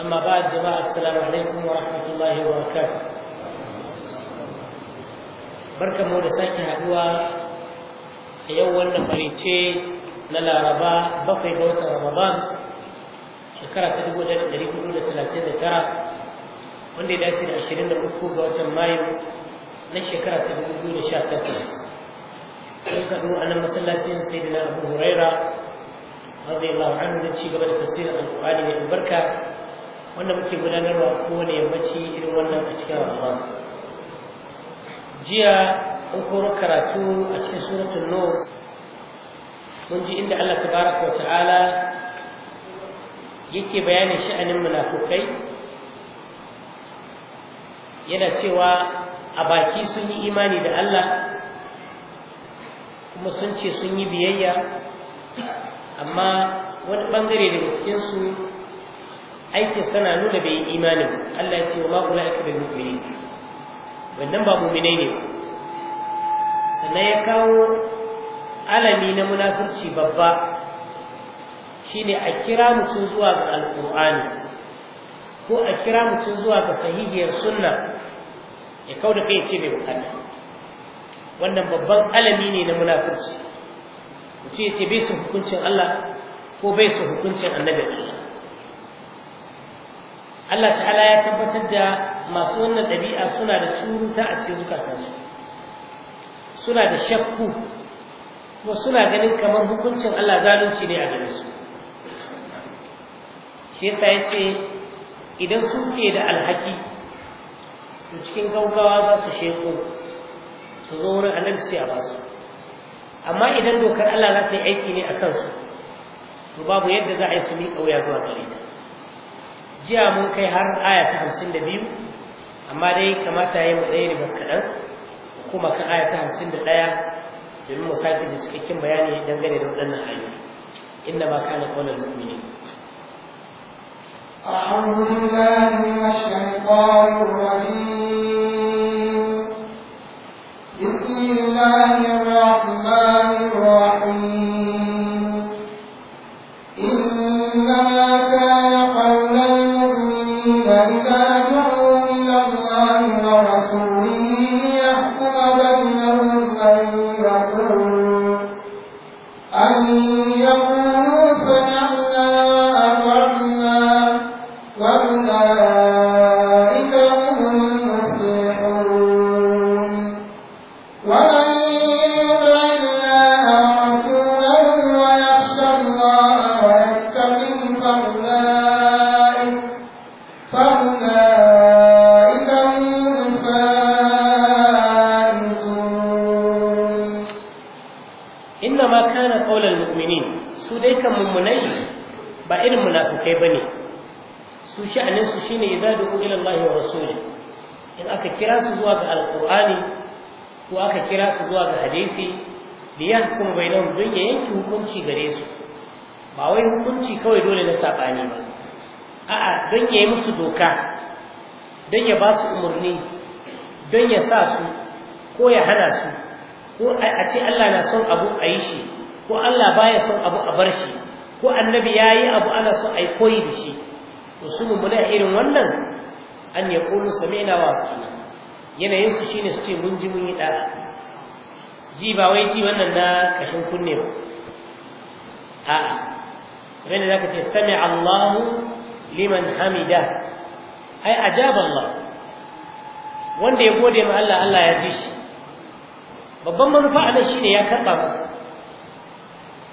أما بعد جماعة السلام عليكم ورحمة الله وبركاته بركة مورساك هدوى يوم فريتشي للا ربا بقي بوت رمضان شكرا تدبو لنا دريكو دولة ثلاثين ترى wanda ya dace da ashirin da uku ga watan mayu na shekara ta dubu biyu da sha takwas sun kaɗu a nan masallacin sai na abu huraira radiyallahu anhu da ci gaba da tafsirin alƙur'ani mai albarka wanda muke gudanarwa ko kowane yammaci irin wannan a cikin ramadan jiya in koro karatu a cikin suratul nur mun ji inda Allah tabaraka wa ta'ala yake bayanin sha'anin munafukai yana cewa a baki sun yi imani da Allah kuma sun ce sun yi biyayya amma wani bangare daga cikinsu aikin sana nuna bai yi imanin Allah ya ce wa ma kula aka bil mu'minin wannan ba mu'minai ne sannan ya kawo alami na munafurci babba shine a kira mutum zuwa ga alqur'ani ko a kira mutum zuwa ga sahihiyar sunna ya kauda kai ce bai bukata wannan babban alami ne na munafurci mutum ya ce bai su hukuncin Allah ko bai su hukuncin annabi Allah ta'ala ya tabbatar da masu wannan ɗabi'a suna da curuta a cikin zukatansu suna da shakku kuma suna ganin kamar hukuncin Allah zalunci ne a gare su shi yasa ya ce idan suke da alhaki to cikin gaugawa za su sheko su zo wurin annabi sai a basu amma idan dokar Allah za ta yi aiki ne a kansu to babu yadda za a yi su miƙa wuya zuwa gare ta jiya mun kai har aya ta hamsin da biyu amma dai kamata yi mu ne bas kaɗan kuma kan aya ta hamsin da ɗaya domin mu sake da cikakken bayani dangane da waɗannan ayoyi inda ba kana ƙonar mu'minin ne. Alhamdulillahi من الشيطان بسم الله الرحمن الرحيم irin munafikai bane su sha'aninsu shi shine idza da ila Allah wa rasuli in aka kira su zuwa ga Alƙur'ani ko aka kira su zuwa ga hadisi liyan kuma bai na don ya yanke hukunci gare su ba wai hukunci kawai dole na sabani ba a'a don ya yi musu doka don ya ba su umarni don ya sa su ko ya hana su ko a ce Allah na son abu a yi shi ko Allah baya son abu a bar shi ko annabi ya yi abu ana so a yi koyi da shi to su mummuna irin wannan an ya kulu sami'na wa yanayinsu shi ne su ce mun ji mun yi ɗara. ji ba wai ji wannan na ƙashin kunne ba a'a kamar da za ka ce sami allahu liman hamida ai Allah wanda ya gode ma Allah Allah ya ji shi babban manufa a nan shine ya karɓa masa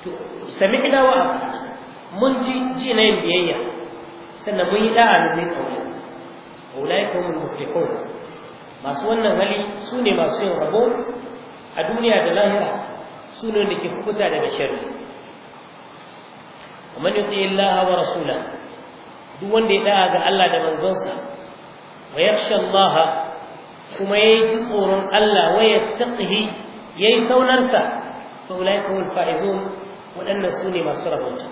to sami'na wa mun ji ji na yin biyayya sannan mun yi da'a na zai kauna ulai kuma muflihun masu wannan hali su ne masu yin rabo a duniya da lahira su ne da ke kuta daga sharri ومن يطيع wa ورسوله duk wanda ya da'a ga Allah da manzonsa wa yakhsha Allah kuma yayi ji tsoron Allah wa ya yayi saunarsa fa ulai kumul waɗannan su sune masu rabonta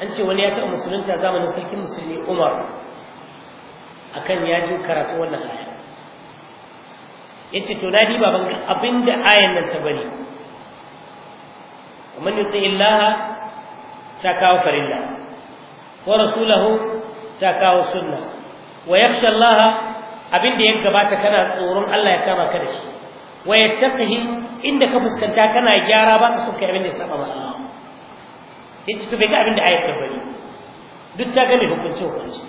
an ce wani ya taɓa musulunta zamanin sarkin musulmi umar akan ya ji karatu wannan aya ya ce to na diba ban abin da ayan nan ta bari ta kawo يطع ko تكاو ta kawo Sunna. Wa ويخشى الله abin da ya gabata kana tsoron Allah ya kama ka da shi wa yattaqihi inda ka fuskanta kana gyara ba ka so kai abin da ya saba Allah Yanzu ci bai ga abin da ayat ta bari duk ta gane hukunci hukunci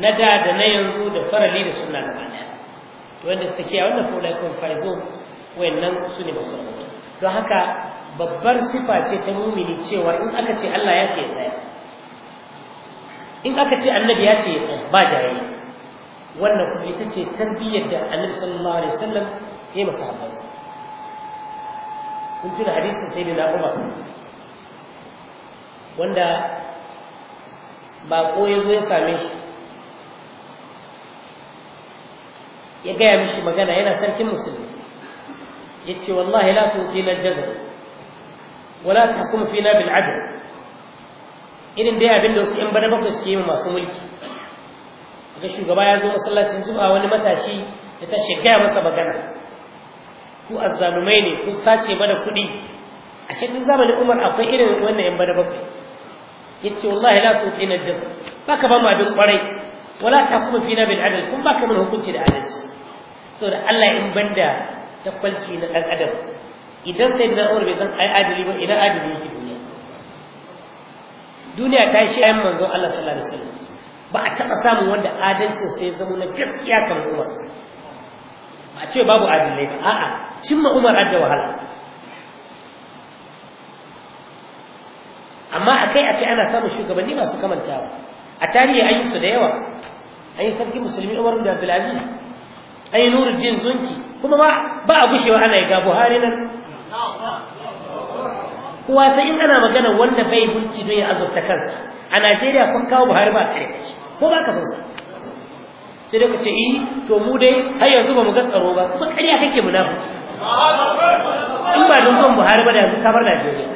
na da da na yanzu da farali da suna da daya to wanda suka a wannan ko laikon faizo wayannan su ne masu don haka babbar sifa ce ta mumini cewa in aka ce Allah ya ce ya in aka ce annabi ya ce ya ba jayayya wannan kuma ita ce tarbiyyar da annabi sallallahu alaihi wasallam ya yi masahabansa kun tuna hadisin sai da na wanda ko ya zo ya same shi ya gaya mishi magana yana sarkin musulmi ya ce wallahi la tuki na jazar wala ta kuma fi na bil'adar irin dai abin da wasu ‘yan bada bakwai suke yi masu mulki ga shugaba ya zo masallacin juma'a wani matashi ya ta gaya masa magana ku azzalumai ne ku sace mana kuɗi a cikin zamanin umar akwai irin wannan ‘yan bada bakwai yace wallahi la tuqina jaza baka ba mu abin kwarai wala tahkum fina bil adl kun baka mun hukunci da adalci saboda Allah in banda takwalci na dan adam idan sai da Umar bai san ai adali ba idan adali yake duniya duniya ta shi ayyan manzo Allah sallallahu alaihi wasallam ba a taba samun wanda adalcin sai zama na gaskiya kan Umar ba a ce babu adalai ba a'a cimma Umar adda wahala amma akai akai ana samun shugabanni masu kamantawa a tarihi an yi su da yawa an yi sarki musulmi umar da abdulaziz an yi nuruddin zunki kuma ma ba a gushewa ana yi ga buhari nan Kuwa sai in ana magana wanda bai mulki don ya azurta kansa a najeriya kun kawo buhari ba a kare ko ba ka san sa sai dai ku ce eh to mu dai har yanzu ba mu ga tsaro ba kuma ƙarya kake munafiki in ba don son buhari ba da yanzu ka bar najeriya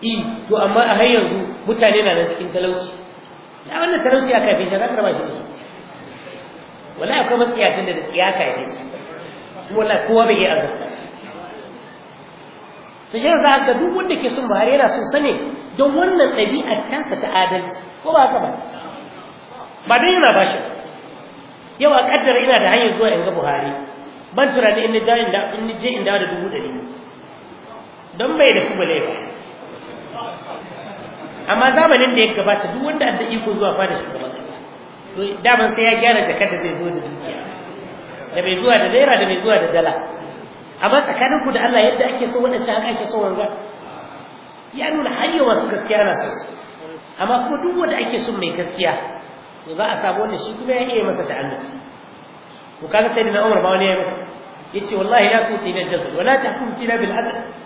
i e, to amma a har yanzu mutane na nan cikin talauci ya wannan talauci aka fi za ka raba shi da su wallahi akwai matsiyacin da tsiya ka yi su kuma kowa bai yi azabta su to shi za ka duk wanda ke son Buhari yana son sani don wannan ɗabi'ar tansa ta adalci ko ba haka ba ba don yana ba shi yau a kaddara ina da hanyar zuwa in ga Buhari ban tunanin in je in dawo da dubu ɗari don bai da su bale ba amma zamanin da ya gabata duk wanda an da iko zuwa fada shugaban kasa to daman sai ya gyara da da zai zo da dukiya da bai zuwa da naira da bai zuwa da dala amma tsakanin ku da Allah yadda ake so ci haka ake so wanga ya nuna har yau gaskiya na so amma kuma duk wanda ake son mai gaskiya to za a samu wanda shi kuma ya iya masa ta'annaci ko kaga sai da Umar ba wani ya masa yace wallahi la tu'tina al jazr wa la tahkum fina bil adl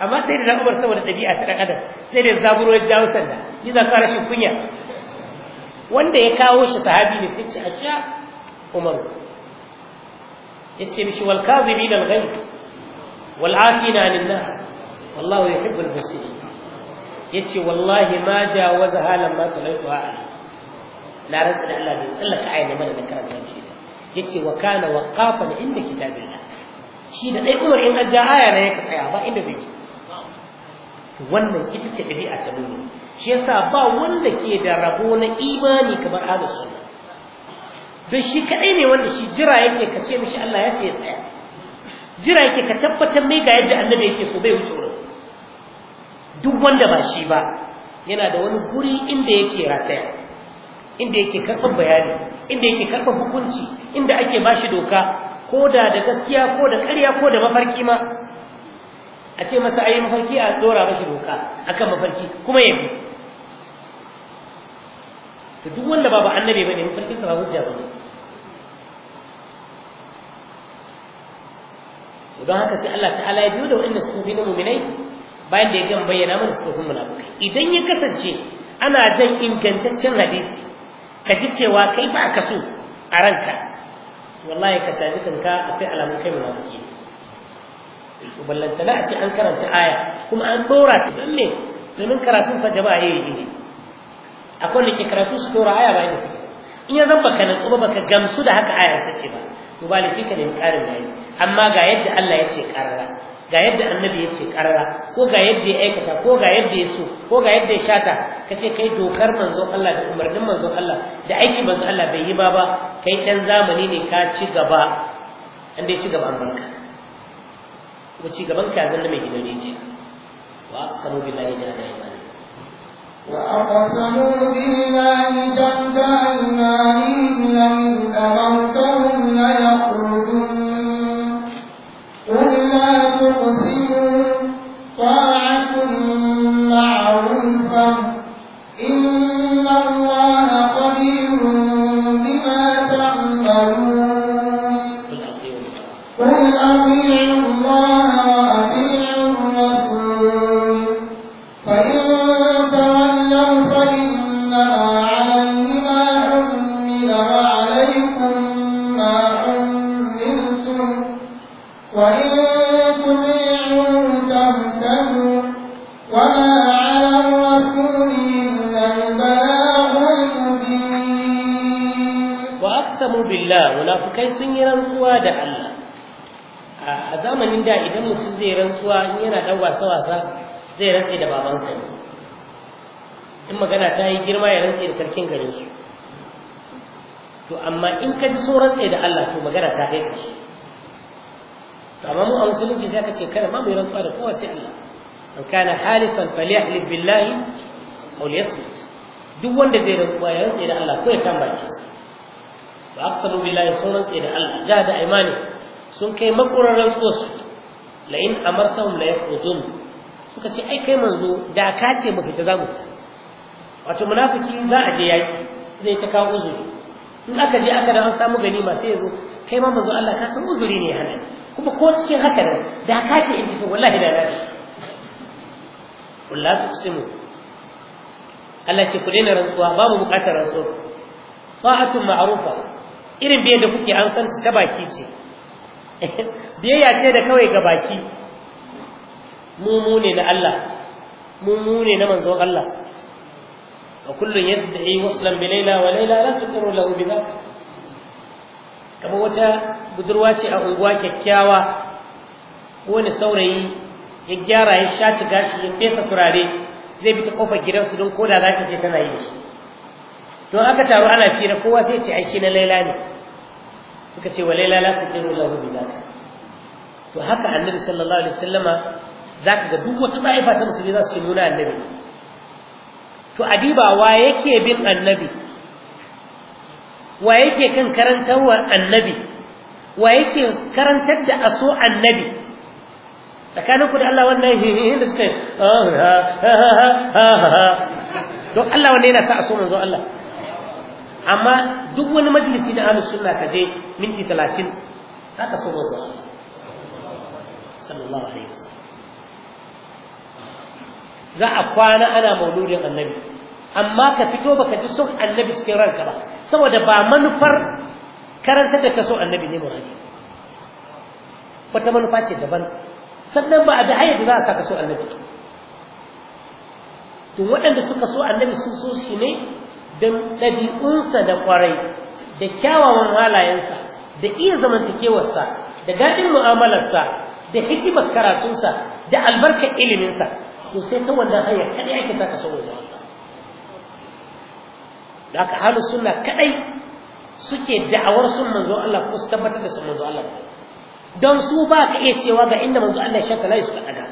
amma sai da na umar saboda ɗabi'a ta ɗan adam sai da zaburo ya jawo sanda ni za ka rashin kunya wanda ya kawo shi sahabi ne sai ce a sha umar ya ce mishi wal kazibi na alghai wal afina lin nas wallahu yuhibbul musirin ya ce wallahi ma jawaza halan ma talaitu ha na rantsa da Allah bai tsallaka ayyana mana da karanta shi ta ya ce wa kana waqafan inda kitabillah shi da ɗai umar in ajja aya na ya tsaya ba inda bai ce wannan ita ce ɗabi'a ta nuni shi yasa ba wanda ke da rabo na imani kamar ahlus su don shi kaɗai ne wanda shi jira yake ka ce mishi Allah ya ce ya tsaya jira yake ka tabbatar mai ga yadda annabi yake so bai wuce wurin duk wanda ba shi ba yana da wani guri inda yake rataya inda yake karɓar bayani inda yake karɓar hukunci inda ake ba shi doka ko da da gaskiya ko da ƙarya ko da mafarki ma a ce masa ayi mafarki a dora mashi doka kan mafarki kuma yayi Ta duk wanda ba ba annabi ne mafarkin sa ba hujja ne don haka sai Allah ta'ala ya biyo da wa'annan sufi na muminai bayan da ya gan bayyana mana sufin munafukai idan ya kasance ana jan ingantaccen hadisi ka ji cewa kai ba ka so a ranka wallahi ka caji kanka kai alamun kai munafiki ne to ballantana a ce an karanta aya kuma an dora ta don domin karatun fa jama'a yayi ne akwai da ke karatu su dora aya bayan suke in ya zan baka nan ba baka gamsu da haka aya ta ce ba to ba lafi ka nemi karin bayani amma ga yadda Allah ya ce karara ga yadda annabi ya ce karara ko ga yadda ya aikata ko ga yadda ya so ko ga yadda ya shata ka ce kai dokar manzon Allah da umarnin manzo Allah da aiki manzon Allah bai yi ba ba kai dan zamani ne ka ci gaba an ci gaba an barka kuma ci gaban ka zan da mai gidan rijiya wa aqsamu billahi jahda imani wa aqsamu billahi jahda imani la in amartahum la yakhrujun قل لا تقسموا طاعة معروفة إن الله قدير بما تعملون قل أطيعوا الله billah munafukai sun yi rantsuwa da Allah a zamanin da idan mutum zai rantsuwa in yana dan wasa wasa zai rantse da babansa ne in magana ta yi girma ya rantse da sarkin garin su to amma in ka ji sun rantse da Allah to magana ta kai kashi to amma mu a musulunci sai ka ce kada ma mu yi rantsuwa da kowa sai Allah an kana halifan falyahlif billahi aw liyasmut duk wanda zai rantsuwa ya rantsi da Allah ko ya tambaye wa aqsamu billahi sunan sai da Allah ja da imani sun kai makurarren tsosu la in amartahum la yakhudun suka ce ai kai manzo da ka ce mu fita zamu fita wato munafiki za a je yaki zai ta kawo uzuri in aka je aka da an samu ma sai yazo kai ma manzo Allah ka san uzuri ne hana kuma ko cikin haka ne da ka ce in fita wallahi da rashi wallahi tuqsimu Allah ce ku daina rantsuwa babu bukatar rantsuwa ta'atun ma'rufa irin biyar da kuke an san ta baki ce biyayya ce da kawai ga baki Mummune na Allah Mummune na manzo Allah wa kullun yasda'i muslim bi layla wa layla la tuqiru lahu bi dhaka kamar wata budurwa ce a unguwa kyakkyawa wani saurayi ya gyara ya shaci gashi ya fesa turare zai bi ta kofar gidansu don koda za ka je tana yi shi don aka taru ana fira kowa sai ce ai na laila ne suka ce wa laila la tadiru lahu bi zaka to haka annabi sallallahu alaihi wasallama zaka ga duk wata ta'ifa ta musulmi za su ce nuna annabi to adiba wa yake bin annabi wa yake kan karantarwar annabi wa yake karantar da aso annabi tsakanin ku da Allah wannan hihihin da suka yi ah, don Allah wannan yana ta aso manzo Allah amma duk wani majalisi na ahlus sunna ka je minti 30 haka so wasu sallallahu alaihi wasallam za a kwana ana mauludin annabi amma ka fito baka ji son annabi cikin ranka ba saboda ba manufar karanta da ka so annabi ne muradi wata manufa ce daban sannan ba a da hayar da za a sa ka so annabi to waɗanda suka so annabi sun so shi ne don ɗabi'unsa da ƙwarai da kyawawan halayensa da iya zamantakewarsa da daɗin mu'amalarsa da hikimar karatunsa da albarkar iliminsa to sai ta wannan hanyar kaɗai ake sa ka sauwa da aka halin suna kaɗai suke da'awar sun manzo Allah ko su tabbatar da sun manzo Allah don su ba ka iya cewa ga inda manzo Allah ya shakka layi suka ɗaga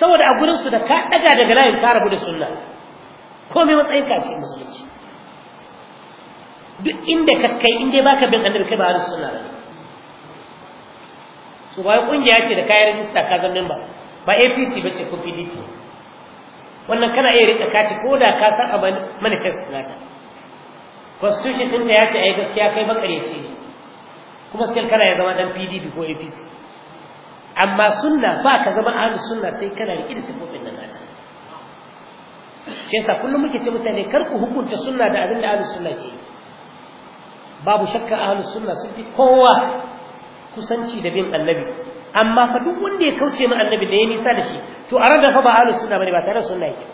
saboda a gurinsu da ka ɗaga daga layin ka rabu da sunna ko mai matsayin ka cikin musulunci duk inda ka kai inda baka bin annabi kai ba ahlus suna ba Su ba kungiya ce da kayan rajista ka zan nan ba APC ba ce ko PDP wannan kana iya rika kaci ko da ka san a manifest ta constitution da ya ce ai gaskiya kai makareci ne kuma sai kana ya zama dan PDP ko APC amma sunna ba ka zama ahlus sunna sai kana rike da sifofin nan ta shi yasa kullum muke ce mutane kar ku hukunta sunna da abin da ahlus sunna ke babu shakka ahlus sunna sun fi kowa kusanci da bin annabi amma fa duk wanda ya kauce ma annabi da ya nisa da shi to a ranar fa ba ahlus sunna bane ba tare da sunna yake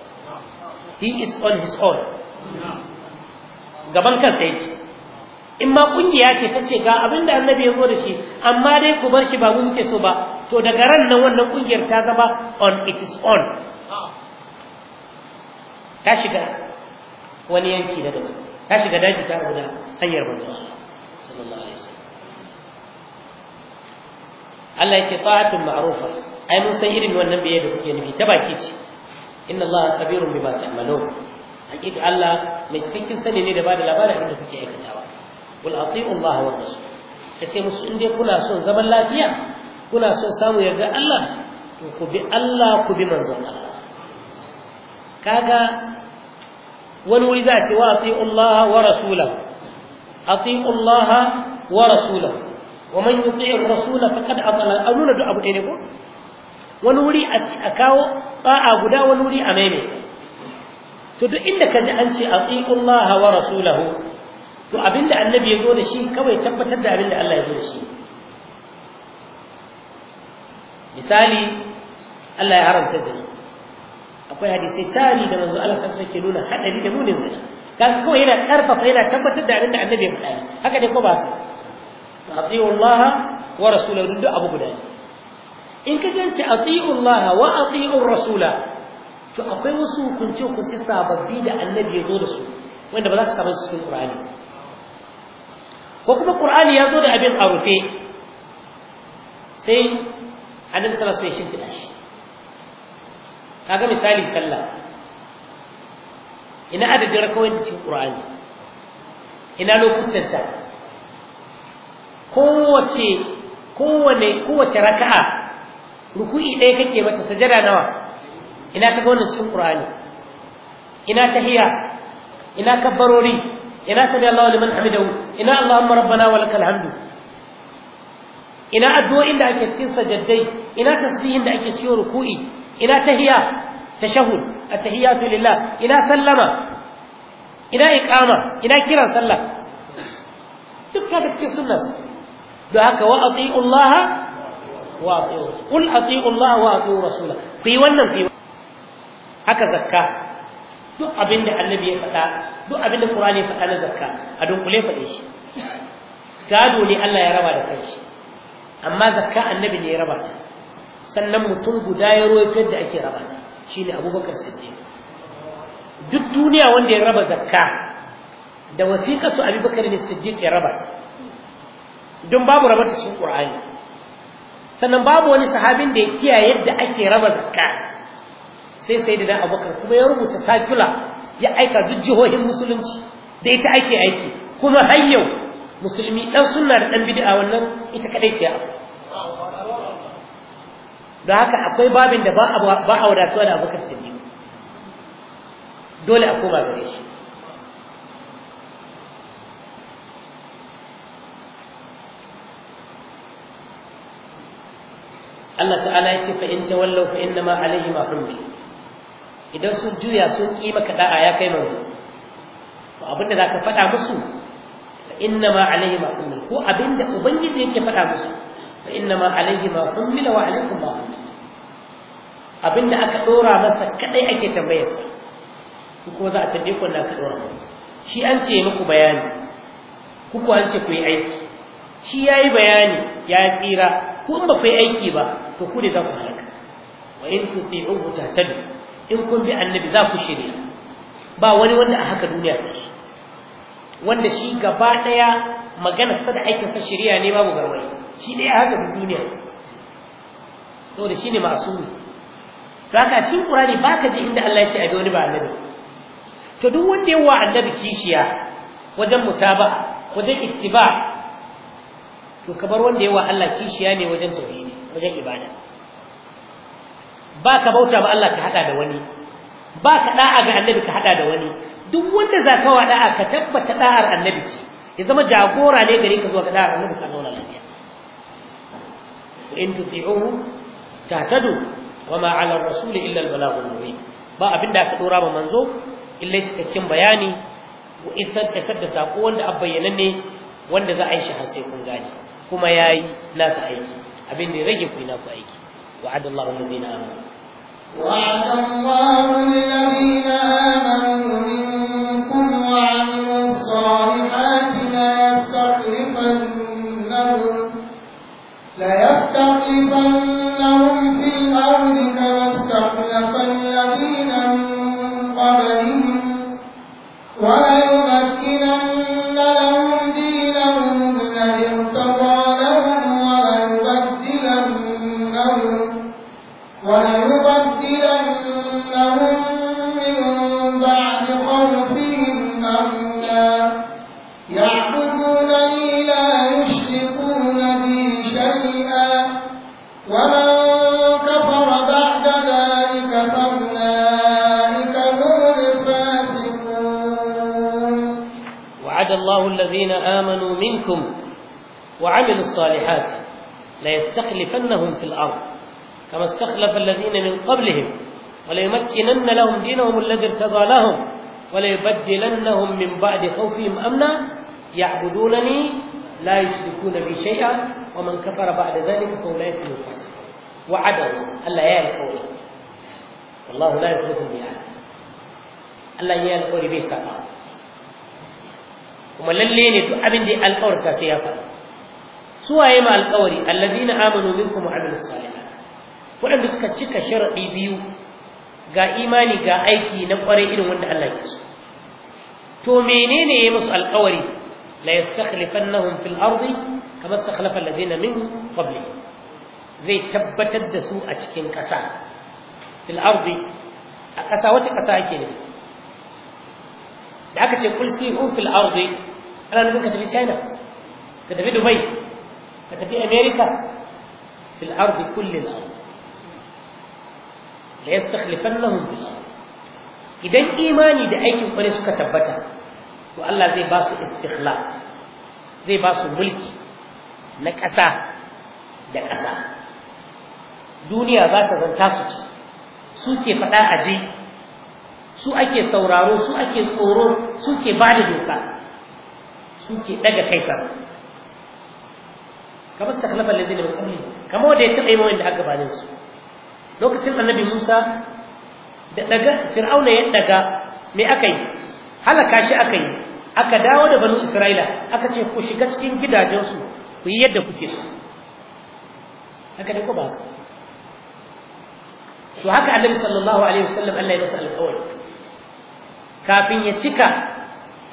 he is on his own gaban kansa yake in ma kungiya ce ta ce ga abin da annabi ya zo da shi amma dai ku bar shi ba mu muke so ba to daga ran nan wannan kungiyar ta zama on it is on ta shiga wani yanki na daban ta shiga daji ta rabu da hanyar manzo sallallahu alaihi wasallam Allah yake ta'atun ma'rufa ai mun san irin wannan biye da kuke nufi ta baki ce inna Allah kabirun bima ta'malun hakika Allah mai cikakken sani ne da ba da labarin inda kuke aikatawa wal ati'u Allah wa rasul ce musu in dai kuna son zaman lafiya kuna son samu yarda Allah to ku bi Allah ku bi manzon Allah kaga wani wuri za a ce wa ati'u Allah wa rasulahu ati'u Allah wa rasulahu wa man yuti'i ar-rasula faqad a nuna duk abu ɗaya ko wani wuri a kawo ta'a guda wani wuri a maimaita to duk inda ka ji an ce ati'u Allah wa rasulahu to abinda annabi ya zo da shi kawai tabbatar da abinda Allah ya zo da shi misali Allah ya haramta zina akwai hadisai tari da manzo Allah sallallahu alaihi wasallam nuna hadari da munin zina kaga kawai yana karfafa yana tabbatar da abin da annabi ya faɗa haka dai ko ba atiyu Allah wa rasulahu duk abu guda in ka jance atiyu Allah wa atiyu rasula to akwai wasu hukunce hukunce sababbi da annabi ya zo da su wanda ba za ka samu su cikin Qur'ani ko kuma Qur'ani ya zo da abin a sai annabi sallallahu alaihi wasallam ya shimfiɗa shi kaga misali sallah ina adadin rakawai cikin qur'ani ina lokutan kowace kowane kowace raka'a ruku'i ɗaya kake mata sajada nawa ina ta wannan cikin qur'ani ina tahiyya ina kabbarori ina sami Allahu liman hamidahu ina Allahumma rabbana walakal hamdu ina addu'o'in da ake cikin sajaddai ina tasbihin da ake cikin ruku'i ina tahiyya tashahhud a tahiyyatu lillah ina sallama ina iqama ina kiran sallah duk haka cikin sunna don haka wa Allah wa ati'u qul ati'u Allah wa ati'u wannan haka zakka duk abinda annabi ya faɗa duk abinda qur'ani ya faɗa na zakka a dunkule faɗe shi gado ne Allah ya raba da kai amma zakka annabi ne ya raba ta sannan mutum guda ya roifar da ake raba ta shine abubakar siddiq duk duniya wanda ya raba zakka da wasiqatu abubakar ne siddiq ya raba ta don babu raba ta cikin sannan babu wani sahabin da ya kiyaye yadda ake raba zakka sai sayyidina abubakar kuma ya rubuta sakula ya aika duk jihohin musulunci da ita ake aiki kuma har yau musulmi ɗan sunna da ɗan bid'a wannan ita kadai ce abu Da haka akwai babin da ba a wadatuwa da abokan siddiq dole a koma gare shi Allah ta'ala ya ce fa in tawallu fa inna ma alayhi ma hummi idan sun juya sun ki maka da'a ya kai manzo to abinda zaka faɗa musu fa inna ma alayhi ma hummi ko abinda ubangiji yake faɗa musu fa inna ma alayhi ma hummila wa alaykum ma abinda aka dora masa kadai ake tambayar sa ku ko za a tambaye ku na dora shi an ce muku bayani ku ko an ce ku yi aiki shi yayi bayani ya tsira ku in ba ku yi aiki ba to ku da za ku halaka wa in tuti'uhu tahtadu in kun bi annabi za ku shirya ba wani wanda a haka duniya sai wanda shi gaba daya magana sa da aikinsa shirya ne babu garwaye shi ne haka da duniya da shi ne masu ne za cikin ƙurani ba ka ji inda Allah ya ce a bi wani ba annabi to duk wanda yawa annabi kishiya wajen mutaba wajen ittiba to kabar wanda yawa Allah kishiya ne wajen tauhidi wajen ibada ba ka bauta ba Allah ka hada da wani ba ka da'a ga annabi ka hada da wani duk wanda za ka wa da'a ka tabbata da'ar annabi ce ya zama jagora ne gare ka zuwa ga da'ar annabi ka zauna lafiya in tuti'uhu tahtadu wama 'ala ar-rasul illa al-balaghul mubin ba abinda aka dora ma manzo illa cikakken bayani ko isar da sadda sako wanda a bayyana ne wanda za a yi shi har sai kun gane kuma yayi nasa aiki abin da ya rage ku ku aiki wa'adallahu alladhina amanu wa'adallahu alladhina amanu أخلف الذين من قبلهم وليمكنن لهم دينهم الذي ارتضى لهم وليبدلنهم من بعد خوفهم أمنا يعبدونني لا يشركون بي شيئا ومن كفر بعد ذلك فأولئك من الفاسقون وعدوا الله يا القول والله لا يخلف الميعاد الله يا القول بي سبحانه kuma lalle ne duk abin da alƙawarta sai ya faru su waye ma waɗanda suka cika sharaɗi biyu ga imani ga aiki na ƙwarai irin wanda Allah ya so to menene ya musu alƙawari la yastakhlifannahum fil ardi kama istakhlafa alladhina min qablihim zai tabbatar da su a cikin ƙasa fil ardi a ƙasa wace ƙasa ake ne da aka ce kul sihu fil ardi ana nufin ka tafi China ka tafi Dubai ka tafi America fil ardi kulli ardi la yastakhlifannahum fil ard idan imani da aikin kware suka tabbata to Allah zai ba su istikhlaf zai ba su mulki na ƙasa da ƙasa duniya za ta zanta su ci su ke faɗa a je su ake sauraro su ake tsoro su ke ba da doka su ke ɗaga kai sama kamar su takhlafar lalzini mai kamar da ya taɓa yi mawai da aka banin su lokacin annabi Musa da daga Fir'auna ya daga me akai halaka shi akai aka dawo da banu Isra'ila aka ce ku shiga cikin gidajensu ku yi yadda kuke so haka da ko ba to haka annabi sallallahu alaihi wasallam Allah ya masa alƙawari kafin ya cika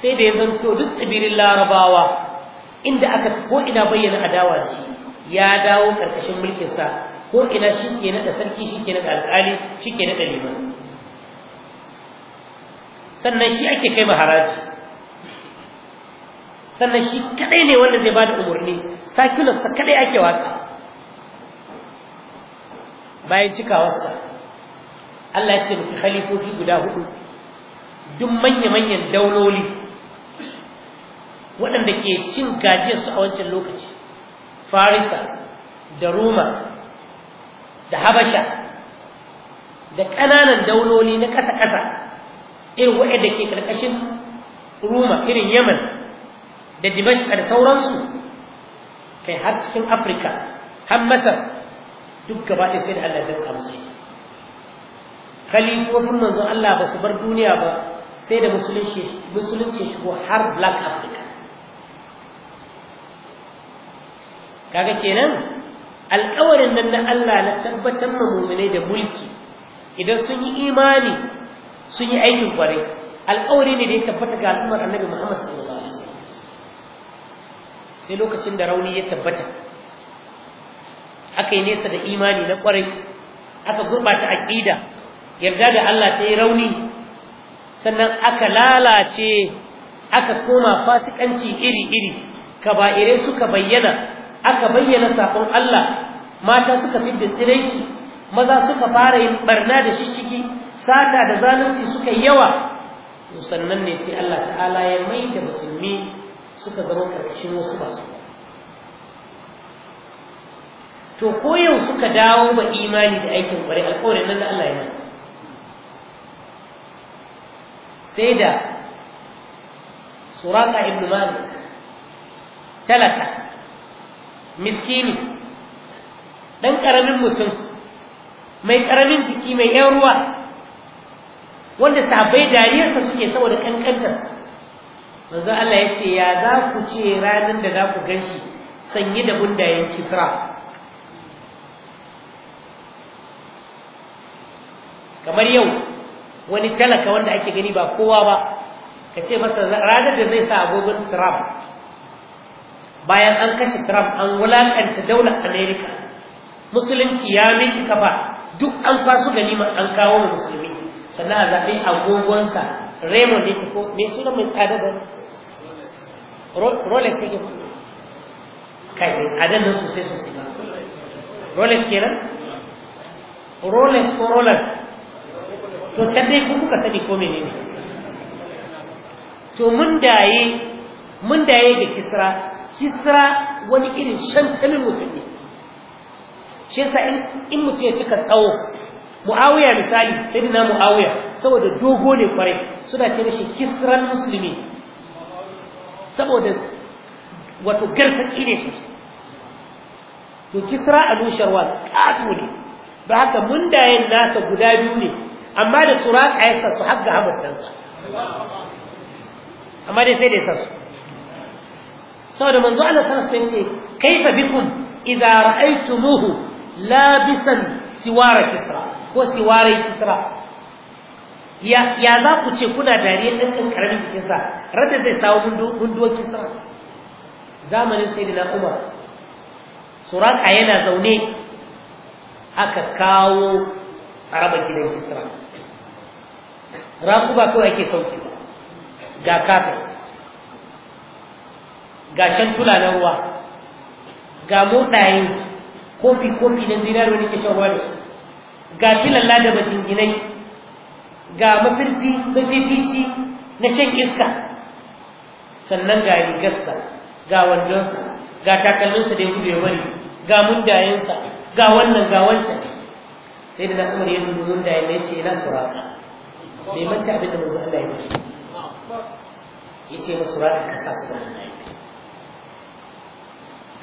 sai da ya zarto duk tsibirin larabawa inda aka ko ina bayyana adawa ce ya dawo karkashin mulkinsa ko ina shi ke naɗa sarki shi ke naɗa alƙali shi ke naɗa liman sannan shi ake kai haraji sannan shi kadai ne wanda zai ba da umarni sakularsa kaɗai ake watsa bayan cikawarsa Allah ya taimaki khalifofi guda hudu duk manya-manyan dauloli waɗanda ke cin gajiyarsu a wancan lokaci farisa da roma da habasha da ƙananan dauloni na ƙasa-ƙasa irin waɗanda ke ƙarƙashin ruma irin yaman da dimashka da sauransu kai har cikin afirka har masar duk gaba ɗaya sai da allah ya musu khalifofin manzon allah ba su bar duniya ba sai da musulunci shigo har black africa kaga kenan alƙawarin nan na Allah na tabbatar ma mu'minai da mulki idan sun yi imani sun yi aikin kwarai alƙawari ne da ya tabbata ga al'ummar annabi Muhammad sallallahu alaihi wasallam sai lokacin da rauni ya tabbata aka yi nesa da imani na kwarai aka gurɓata aƙida yarda da Allah ta yi rauni sannan aka lalace aka koma fasikanci iri-iri kaba'irai suka bayyana aka bayyana sakon Allah mata suka da tsiraici maza suka fara yin barna da shi ciki sata da zalunci suka yi yawa sannan ne sai Allah ta'ala ya mai da musulmi suka zama karkashin wasu masu to koyau suka dawo ba imani da aikin kwarai alƙawarin nan da Allah ya mai sai da suraka ibn malik talaka miskini ɗan ƙaramin mutum mai ƙaramin jiki mai ‘yan ruwa wanda sabai dariyarsa suke saboda ƙanƙantarsa manzo Allah ya ce ya za ku ce ranar da za ku ganshi shi sanyi da bundayen kisra kamar yau wani talaka wanda ake gani ba kowa ba ka ce masa ranar da zai sa agogon trump bayan an kashe Trump an wulakanta daular America musulunci ya miki kafa duk an kwaso ganima an kawo mu musulmi sannan a zaɓi agogonsa Raymond ne ko me suna mai tsada da Rolex yake kai adan nan sosai sosai ba Rolex kenan Rolex ko Rolex to can dai kun kuka sani ko menene to mun daye mun daye da Kisra kisra wani irin shantanin mutum ne shi yasa in mutum ya cika tsawo mu'awiya misali sai dina mu'awiya saboda dogo ne kwarai suna ce mishi kisran musulmi saboda wato garsaki ne su to kisra a nusharwa ƙato ne ba haka mundayen nasa guda biyu ne amma da sura a yasa su har ga hamartansa amma dai sai da yasa su saboda manzo Allah sallallahu alaihi wasallam ce kaifa bikum idza ra'aytumuhu labisan siwara kisra ko siwara kisra ya ya za ku ce kuna dariyar din kan karamin cikin sa radda zai sawo gunduwar kisra zamanin sayyidina Umar suraka yana zaune aka kawo araba gidan kisra rakuba kawai ake sauki ga kafin ga shantula na ruwa ga moɗaye kofi kofi na zinari wani ke shan su ga filalla da ginai, ga mafifici na shan iska sannan ga rigarsa ga wandonsa ga takalminsa da ya gudu ya wani ga mundayensa ga wannan ga wancan sai da na kuma yin dubu da ya ce yana suraka mai manta abin da manzo Allah ya ce masu ce kasa su da hannaye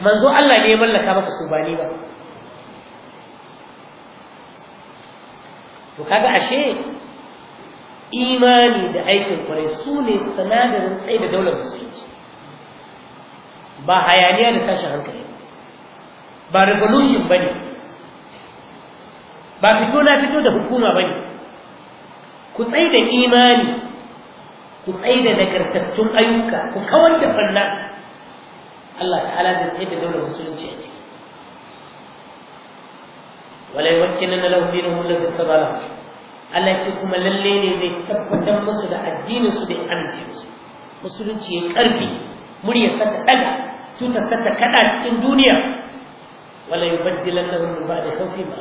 manzo Allah ne ya mallaka maka su ba ni ba to kaga ashe imani da aikin kwarai su ne sanadarin tsaye da daular musulunci ba hayaniya da tashin hankali ba revolution ba ne ba fito na fito da hukuma ba ne ku tsaye da imani ku tsaye da nagartattun ayyuka ku kawar da fanna Allah ta'ala zai tsaye da daular musulunci a ciki wala yumakkinanna lahum dinu alladhi irtada lahum Allah ce kuma lalle ne zai tabbatar musu da addinin su da amince musu musulunci ya karfi murya saka daga tuta saka kada cikin duniya wala yubaddilannahum min ba'di khawfi ma.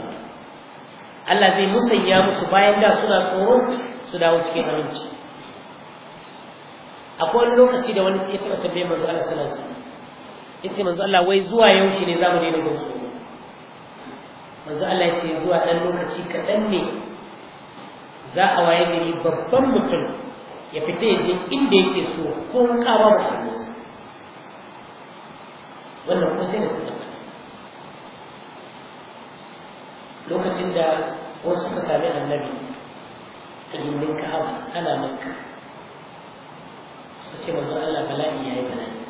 Allah zai musanya musu bayan da suna tsoro su dawo cikin aminci akwai wani lokaci da wani ya taɓa tambayar manzo Allah sallallahu alaihi wasallam yace manzo Allah wai zuwa yaushe ne zamu daina jin tsoro manzo Allah yace zuwa dan lokaci kadan ne za a waye gari babban mutum ya fita ya inda yake so ko in kawo ba wannan kuma sai da ta tabbata lokacin da wasu suka sami annabi a gindin ka'aba ana makka su ce manzo Allah bala'i ya yi bala'i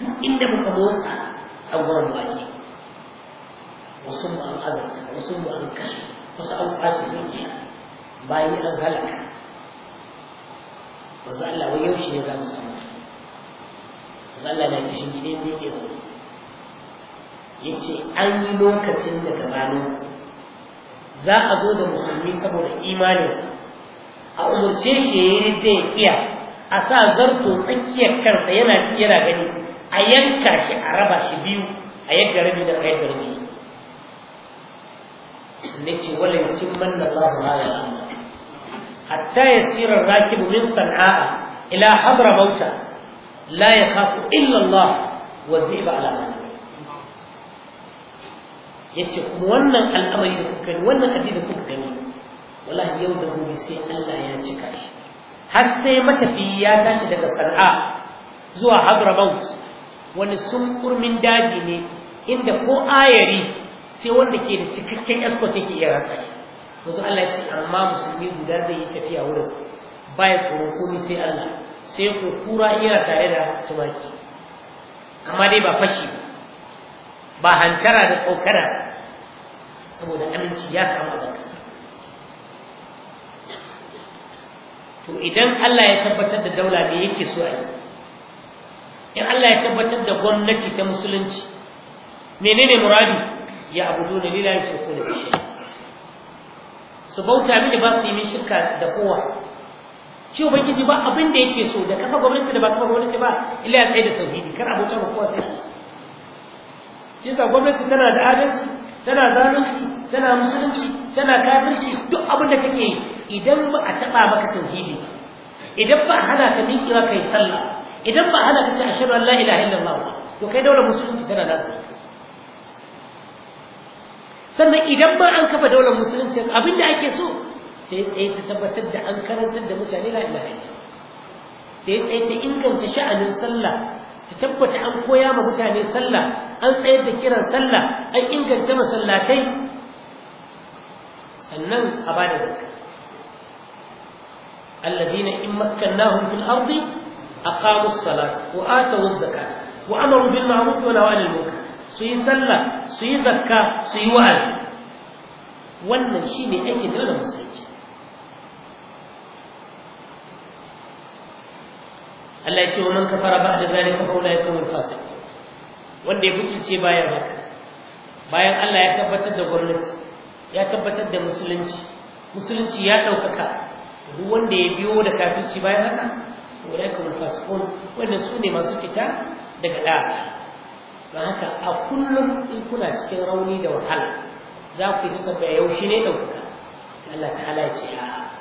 duk inda muka motsa tsawon wake wasu mu an azanta wasu mu an kashe wasu an kwashe dukiya bayi an halaka wasu Allah wai yaushe ne za mu samu wasu Allah na kishin gidan da yake zaune ya ce an yi lokacin da gabanin za a zo da musulmi saboda imaninsa a umarce shi ya yi ridda ya iya a sa zarto tsakiyar kansa yana ci yana gani a yanka shi a raba shi biyu a yadda rabi da a yadda rabi sun ce wala yutim manna Allahu ala al-amr hatta yasira ar-rakib min sana'a ila habra mauta la yakhafu illa Allah wa dhiba ala yace kuma wannan al'amari da kuka wannan hadisi da kuka gani wallahi yau da gobe sai Allah ya cika shi har sai matafiya ya tashi daga sana'a zuwa hadramaut wani sunkurmin daji ne inda ko ayari sai wanda ke da cikakken escort yake iya ratsa wasu Allah ya ce amma musulmi guda zai yi tafiya wurin baya tsoron komai sai Allah sai ko kura yana tare da tumaki amma dai ba fashi ba hantara da tsokara saboda aminci ya samu a ƙasa to idan Allah ya tabbatar da daula me yake so a yi in Allah ya tabbatar da gwamnati ta musulunci menene muradi ya abudu na da shi? su bauta mini ba su yi min shirka da kowa shi ubangiji ba abin da yake so da kafa gwamnati da ba kafa gwamnati ba illa ya tsaye da tauhidi kar abota ba kowa sai shi yasa gwamnati tana da adalci tana zalunci tana musulunci tana kafirci duk abin da kake yi idan ba a taba maka tauhidi idan ba a hana ka miƙewa kai sallah idan ba hana kace ashhadu an la ilaha illallah to kai daular musulunci tana nan sannan idan ba an kafa daular musulunci abinda ake so ta tsaye ta tabbatar da an karantar da mutane la ilaha illallah ta tsaye ta inganta sha'anin sallah ta tabbata an koya ma mutane sallah an tsayar da kiran sallah an inganta masallatai sannan a bada zakka alladhina in makkannahum fil ardi aqamu as-salat wa atu zakata wa amaru bil ma'ruf wa nahaw 'anil munkar su yi sallah su yi zakka su yi wa'azi wannan shine aikin dole musulunci Allah ya ce wa man kafara ba'da zalika fa ulai hum fasiq wanda ya ce bayan haka bayan Allah ya tabbatar da gwamnati ya tabbatar da musulunci musulunci ya ɗaukaka duk wanda ya biyo da kafirci bayan haka ulaikum fasqun wanda sune masu fita daga daka dan haka a kullum in kuna cikin rauni da wahala za ku yi sabai yaushe ne da kuka sai Allah ta'ala ya ce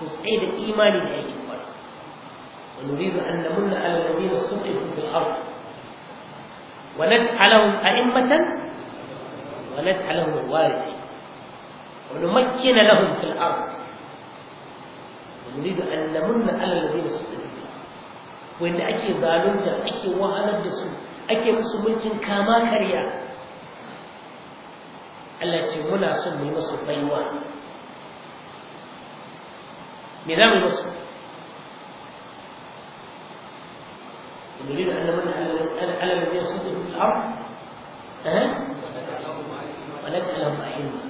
ku da imani da yake ba wa nuridu an namunna ala alladhina sutifu fil ard wa nas'alahum a'immatan wa nas'alahum warithin wa numakkina lahum fil ard wa nuridu an namunna ala alladhina sutifu wanda ake zalunta ake wahalar da su ake musu mulkin kama karya Allah ce muna son mu yi musu baiwa me za mu yi musu نريد أن نمن على الذين صدقوا في الأرض أه؟ ونجعلهم أئمة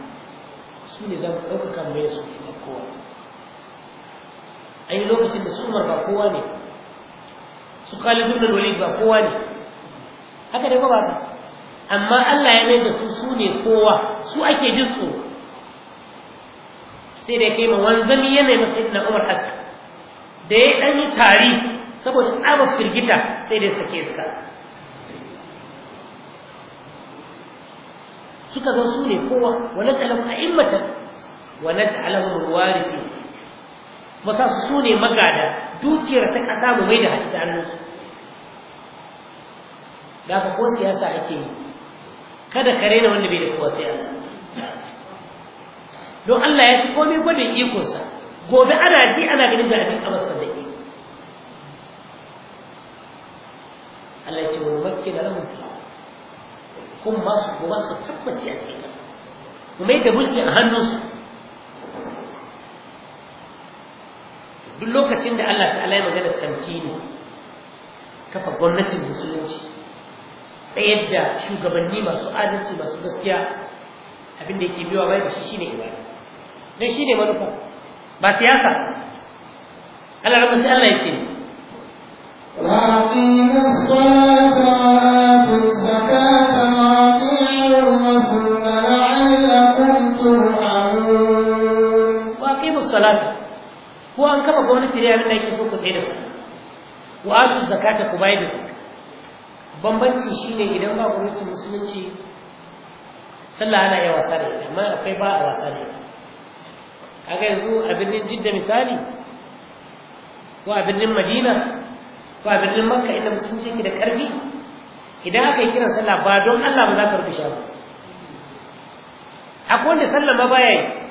su ne za mu ɗaukaka mai su ne kowa ai lokacin da su marka kowa ne su Khalid da Walid ba kowa ne haka dai ba ba amma Allah ya mai da su su ne kowa su ake jin tsoro sai da ya kai ma wanzami ya mai masa na Umar aski da ya ɗan yi tari saboda tsabar firgita sai da sake suka suka zo su ne kowa wa naj'alahu a'immatan wa naj'alahu warisi masa su ne magada dukiyar ta ƙasa mu mai da hadisi hannunsu da ka ko siyasa ake yi kada ka raina wanda bai da kowa siyasa don Allah ya fi komai gwadin ikonsa gobe ana ji ana ganin da abin kamar da ke Allah ya ce wani makke da lahun fi kuma masu kuma su tabbaci a cikin ƙasa mai da mulki a hannunsu lokacin da Allah ta ya magana ne kafa gwamnatin musulunci tsayar da shugabanni masu adalci masu gaskiya abin da yake biyuwa bai da shi shi ne ibada don shi ne manufa ba siyasa Allah rabbi sai Allah ya ce وأقيم الصلاة وآت الزكاة ko an kafa gwamnati wani abin da ake so ku sai da su wa azu zakata ku bayar da bambanci shine idan ba gwamnati musulunci sallah ana iya wasa da ita amma akwai ba a wasa da ita kaga yanzu a birnin jidda misali ko a birnin madina ko a birnin makka inda musulunci ke da karfi idan aka yi kiran sallah ba don allah ba za ka rufe ba akwai wanda sallah ma baya yi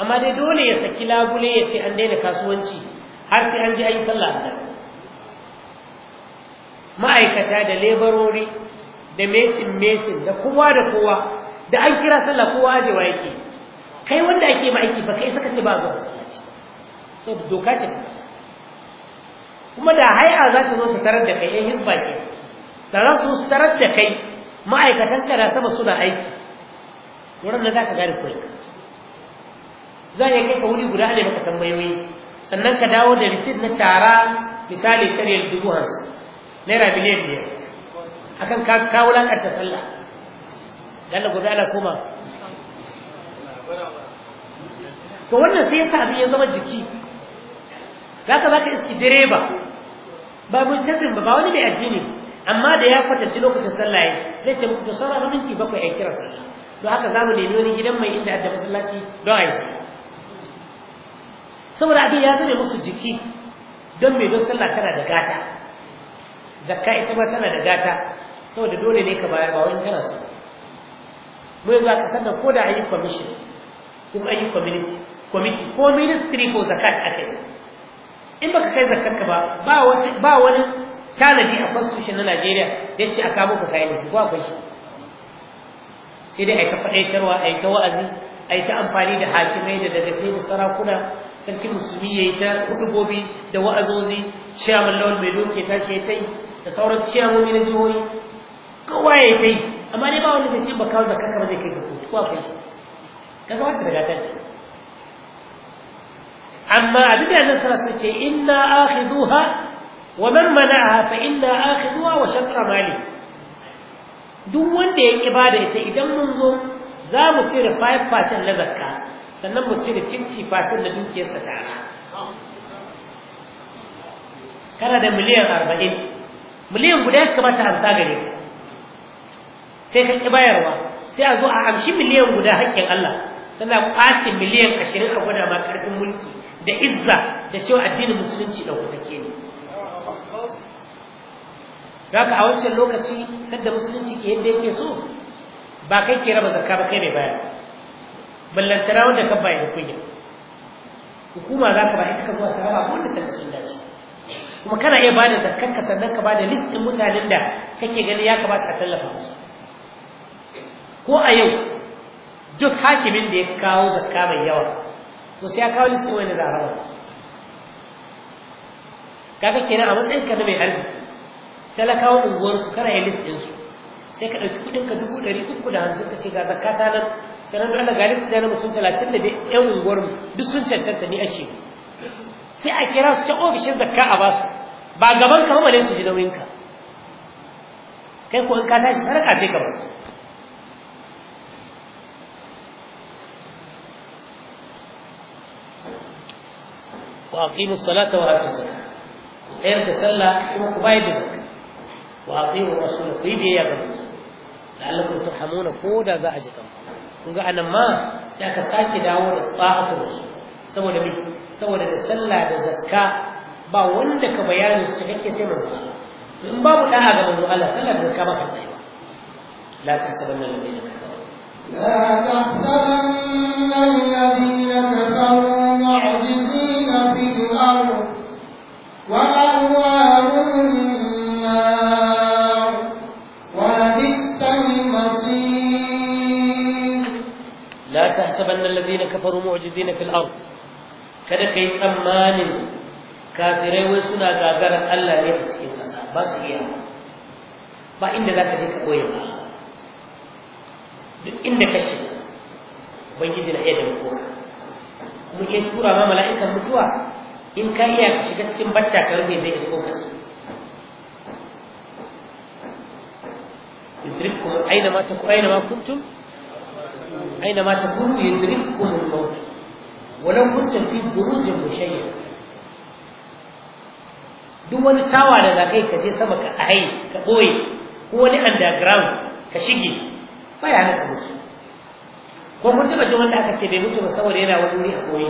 amma dai dole ya saki labule ya ce an daina kasuwanci har sai an ji ayi yi sallah nan ma'aikata da lebarori da mesin mesin da kowa da kowa da an kira sallah kowa ajewa yake kai wanda ake ma'aiki ba kai saka ce ba zuwa masallaci so doka ce kuma da haya za ta zo su tarar da kai yan hisba ke da za su tarar da kai ma'aikatan ka da sama suna aiki wurin da za ka gane kuwa za ya kai ka wuri guda ne maka tambayoyi sannan ka dawo da receipt na tara misali kariyar dubu hamsin naira miliyan biyar akan ka ka sallah dan gobe ana koma to wannan sai yasa abin ya zama jiki zaka zaka iski direba ba mun tasin ba wani mai addini amma da ya kwatanci lokacin sallah zai ce muku to sauran minti bakwai a kira sallah don haka za mu nemi wani gidan mai inda sallah masallaci don yi sallah saboda abin ya zane musu jiki don mai don sallah tana da gata zakka ita ma tana da gata saboda dole ne ka bayar ba wani kana so mu yanzu aka sannan ko da ayi commission ko ayi community committee ko ministry ko zakat aka yi in baka kai zakarka ba ba wani ba wani tanadi a constitution na Najeriya da yace a kawo ka kai ne ko akwai shi sai dai a ta faɗaitarwa a ta wa'azi a ta amfani da hakimai da dagatai da sarakuna sarkin musulmi ya yi ta gobe da wa'azozi ciyaman lawan mai doke ta ke ta yi da sauran ciyamomi na jihohi kowa ya yi ta amma dai ba wanda bai ce baka kawo zakka kamar zai kai ga kotu ko akwai shi kaga wata daga ta ce amma abin da nan sana su ce inna akhiduha wa man mana'aha fa inna akhiduha wa shaqqa mali duk wanda ya ki da ita idan mun zo za mu cire 5% na zakka sannan mu cire 50% da dukiyarsa tara kana da miliyan arba'in, miliyan guda ya kamata amsa gare ka sai ka ƙi bayarwa sai a zo a amshi miliyan guda hakkin Allah sannan ƙwace miliyan ashirin a gwada ma ƙarfin mulki da izza da cewa addinin musulunci ke ne. haka a wancan lokaci sadda musulunci ke yadda yake so ba kai ke raba zakka ba kai ne bayar. ballantana wanda ka bayan kunya hukuma za ka ba ita ka zuwa ta raba wanda ta sun ce kuma kana iya bada da ka sannan ka bada list din mutanen da kake gani ya kamata a tallafa musu ko a yau duk hakimin da ya kawo zakka mai yawa to sai ya kawo list din wani za a kaga kenan a matsayin ka na mai arziki talakawa unguwar ku kana yi list din su sai ka ɗauki kuɗin ka dubu ɗari uku da hamsin ka ce ga zakka ta nan sanar da Allah gari su na mutum talatin da bai yan unguwarmu. duk sun cancanta ni ake sai a kira su ta ofishin zakka a basu ba gaban ka mamale su ji nauyinka kai ko in ka tashi sadaka sai ka basu wa aqimu ssalata wa atu zakata tsayar da sallah kuma ku bayar da zakka wa aqimu rasula ku yi biyayya ga mutum la'allakum turhamuna ko da za a ji kanku Kunga anan ma sai aka sake dawo da tsa'atul saboda me saboda da sallah da zakka ba wanda ka bayani su kake sai manzo in babu da'a ga manzo Allah sallah da zakka ba sai ba la tasabanna alladhina kafaru المعجزين في ard kada kai tsammanin kafirai wai suna gagarar Allah ne a cikin ƙasa ba su iya ba inda za ka je ka koya ba duk inda ka shi ubangiji na iya da kuma iya tura ma mala'ikan mutuwa in ka iya ka shiga cikin batta ka rufe zai isko ka ciki ولو كنت fi burujin mushayya duk wani tawa da za ka je sama ka tsaye ka ɓoye ko wani underground ka shige baya ko kun wanda aka ce bai mutu ba saboda yana wani wuri a koyi?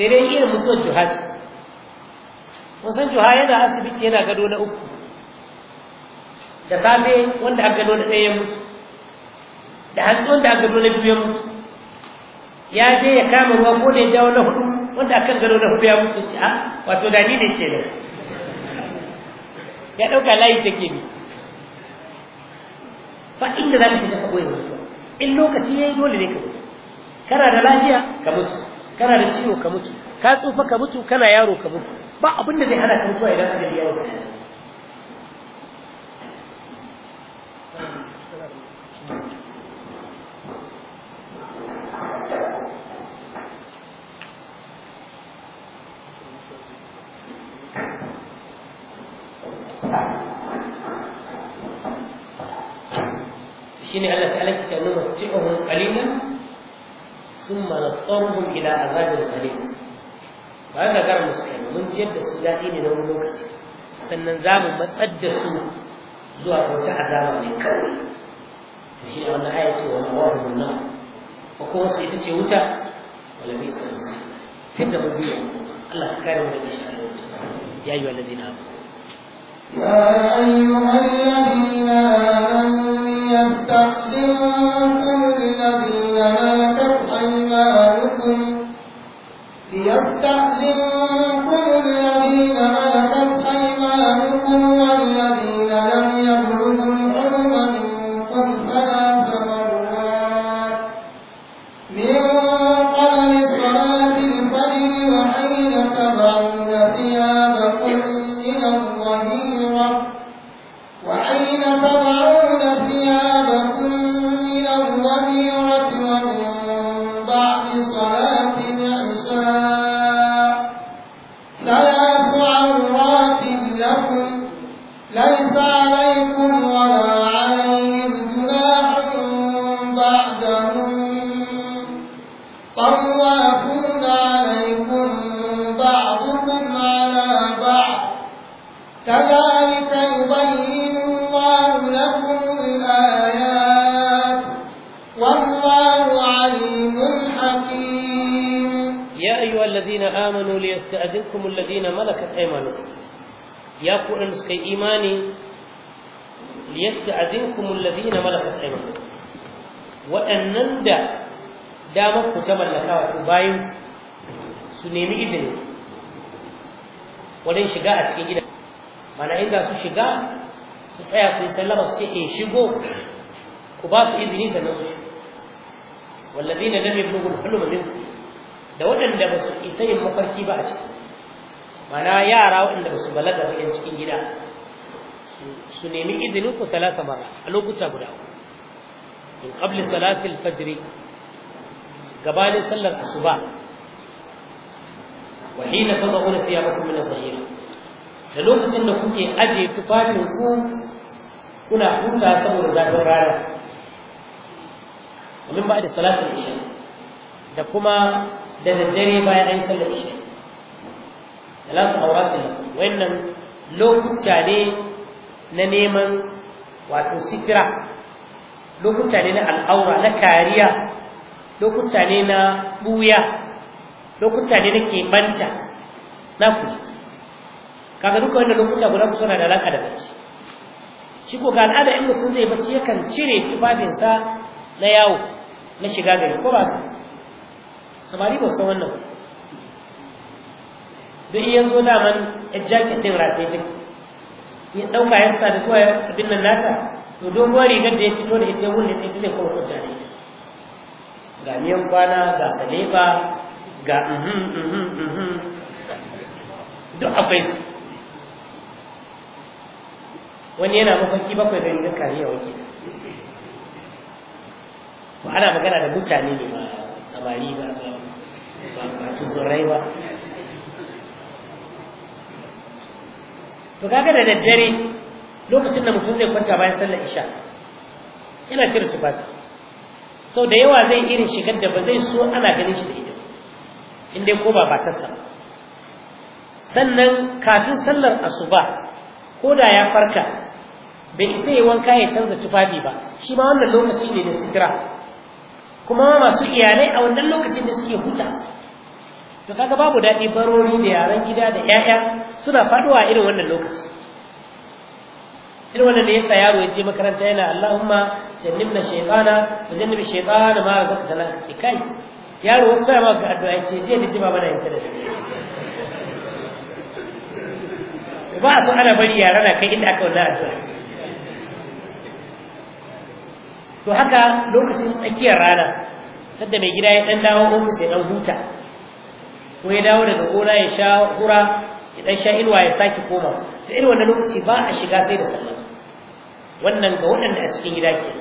sai dai irin mutuwar juha ce san juha yana asibiti yana gado na uku da safe wanda aka gado na ɗaya mutu da hantsi wanda aka gado na biyu mutu ya je ya kama ruwa ko da ya jawo na hudu wanda akan gano na hudu ya mutu ci a ah, wato da ni ne ke da ya ɗauka layi ta ke bi fa inda za ka shiga ka ɓoye mutu in lokaci ya yi dole ne ka mutu kana da lafiya ka mutu kana da ciwo ka mutu ka tsufa ka mutu kana yaro ka mutu ba abin da zai hana ka mutuwa idan ka ji yaro Thank you. shine Allah ta'ala ke cewa matti'uhum qalilan thumma nadhurhum ila azabil qalil ba ga gar musulmi mun ciyar da su daɗi ne na wani lokaci sannan za mu matsar da su zuwa wata azaba mai kawai to shi ne wannan aya ce wa mawahu min nar ko kuma su ita ce wuta wala bi sanus tun da mu biya Allah ka kare mu daga sharri wuta ya ayyuhal ladina amanu ya ayyuhal ladina نستخلفنكم الذين لا amanu liyasta'dinkum alladhina malakat aymanukum ya ku dan suka yi imani liyasta'dinkum alladhina malakat aymanukum waɗannan da damar ku ta mallaka wato bayan su nemi izini wajen shiga a cikin gidan mana inda su shiga su tsaya su yi sallama su ce in shigo ku ba su izini sannan su wallazina lam yablughu al-hulma minkum da waɗanda ba su isa yin mafarki ba a ciki mana yara waɗanda ba su balaga ba yan cikin gida su nemi izinin ku salasa mara a lokuta guda in qabli salasil fajiri, gabanin sallar asuba wa hina tadhuna thiyabakum min adh-dhahira da lokacin da kuke aje tufafin ku kuna huta saboda zafin rana min ba'da salatul isha da kuma da daddare bayan an sallar isha salatu awratin wannan lokuta ne na neman wato sitira lokuta ne na al'aura na kariya lokuta ne na buya lokuta ne na keɓanta na ku kaga duka wannan lokuta guda ku suna da alaƙa da bacci shi ko ga al'ada in mutum zai bacci yakan cire tufafinsa na yawo na shiga gari ko ba su. samari ba su wannan duk iya zo daman ya jakin ɗin rataye ya ɗauka ya sa da zuwa abin nan nasa to dogon rigar da ya fito da ita wanda ce ta zai kawo da ita ga miyan kwana ga saleba ga uhm, uhm, uhm, duk akwai su wani yana mafaki bakwai da rigar kariya wanke ba ana magana da mutane ne ba samari ba ba masu zurai ba to kaga da daddare lokacin da mutum zai kwanta bayan sallar isha yana cire tufafi sau da yawa zai irin shigar da ba zai so ana ganin shi da ita in dai ko ba matarsa sannan kafin sallar asuba ko da ya farka bai isa yi wanka ya canza tufafi ba shi ma wannan lokaci ne na sidira kuma ma masu iyalai a wannan lokacin da suke huta to kaga babu daɗi barori da yaran gida da 'ya'ya suna faɗuwa irin wannan lokaci irin wannan ne yasa yaro ya je makaranta yana Allahumma jannibna shaytana wa jannib shaytana ma razaqtana kace kai yaro wani ba ma ga addu'a ce je da ji baba na yanka da ba a ana bari yara na kai inda aka wannan addu'a to haka lokacin tsakiyar rana sadda mai gida ya dan dawo ofis ya dan huta ko ya dawo daga gona ya sha kura ya dan sha inuwa ya sake koma da irin wannan lokaci ba a shiga sai da sallah wannan ga waɗanda a cikin gida ke